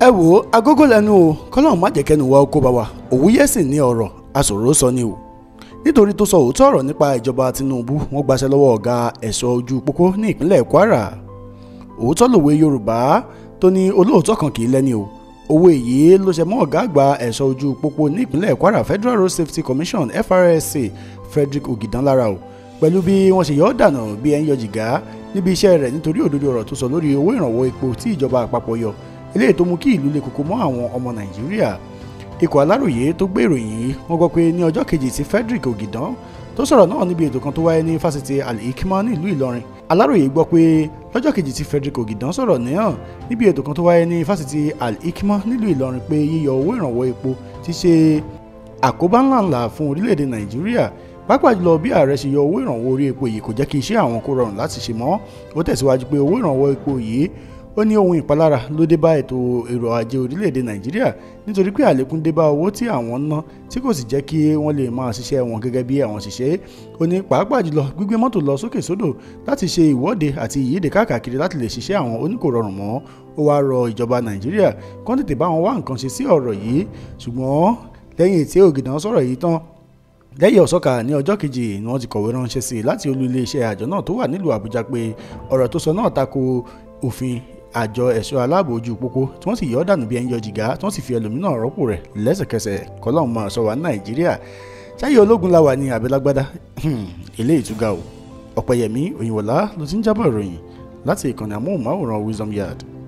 ẹ wò ó agógó lẹ́nu o kọ́lọ́run má jẹ́ kẹ́nu wa kó bá wa òwúyẹ́ sì ní ọ̀rọ̀ aṣòro sọ ni o nítorí tó sọ òótọ́ ọ̀rọ̀ nípa ìjọba Tinubu wọ́n gbaṣẹ́ lọ́wọ́ ọ̀gá ẹ̀ṣọ́ ojú pópó ní ìpínlẹ̀ Kwara òótọ́ lòwe Yorùbá tó ní olóòótọ́ kan kì í lẹ́ni o owó èyí ló ṣe mọ́ ọ̀gá àgbà ẹ̀ṣọ́ ojú pópó ní ìpínlẹ̀ Kwara Federal Road Safety Commission FRSA Frederick Ogidan lára o pẹ̀lú bí wọ́n ṣe yọ ọ́ dànù bí ẹ̀ ń yọ jìgá níbi iṣẹ́ rẹ̀ nítorí òdodo ọ̀rọ̀ tó sọ lórí owó ìrànwọ́ epo tí ìjọba àpapọ̀ yọ eléyìí tó mú kí ìlú le koko mọ́ àwọn ọmọ nàìjíríà ikọ̀ aláròyé tó gbé ìròyìn yìí wọ́n gbọ́ pé ní ọjọ́ kejì tí frederick ogidan tó sọ̀rọ̀ náà níbi ètò kan tó wáyé ní fásitì al-hikma ní ìlú ìlọrin aláròyé gbọ́ pé lọ́jọ́ kejì tí frederick ogidan sọ̀rọ̀ náà níbi ètò kan tó wáyé ní fásitì al nílùú ìlọrin pé yíyọ owó ìrànwọ́ epo ti ṣe àkóbá ńláńlá fún orílẹ̀-èdè nàìjíríà pàápàá jùlọ bí ààrẹ ṣe yọ owó ìrànwọ́ orí epo yìí kò jẹ́ kí iṣẹ́ àwọn kó rọrùn láti ṣe mọ́ ó tẹ̀síwájú pé owó ìrànwọ́ epo yìí ó ní ohun ìpalára ló dé bá ètò èrò ajé orílẹ̀-èdè nàìjíríà nítorí pé àlékún dé bá owó tí àwọn ń ná tí kò sì jẹ́ kí wọ́n lè máa ṣiṣẹ́ wọn gẹ́gẹ́ bí àwọn ṣiṣẹ́ ó ní pàápàá jùlọ gbígbé mọ́tò lọ sókè sódò láti ṣe ìwọ́de àti ìyíde káàkiri láti lè ṣiṣẹ́ àwọn oníkòrọ̀rùn mọ́ ó wáá rọ ìjọba nàìjíríà kán tètè bá wọn wá nǹkan ṣe sí ọ̀rọ̀ yìí ṣùgbọ́n lẹ́yìn tí Ògìdán sọ̀rọ̀ yìí tán lẹ́yìn ọ̀sọ́ka ní ọjọ́ kejì ni wọ́n ti kọ̀wé ránṣẹ́ sí i láti olú iléeṣẹ́ àjọ náà tó wà nílùú Àbújá pé ọ̀rọ̀ tó sọ náà tako òfin àjọ ẹ̀ṣọ́ aláàbò ojú pópó tí wọ́n sì yọ ọ́ dànù bí ẹni jìgá tí wọ́n sì fi ẹlòmíràn rọ́pò rẹ̀ lẹ́sẹ̀kẹsẹ̀ kọ́lọ́hún máa sọ wá ní nàìjíríà ṣáyé ológun la wà ní àbẹ́lágbádá ilé hmm, ìtúgà o ọ̀pẹ̀yẹmí òyìnbọ̀lá ló ti ń jábọ̀ ìròyìn láti ìkànnì amóhùnmáwòrán Wisdom Yard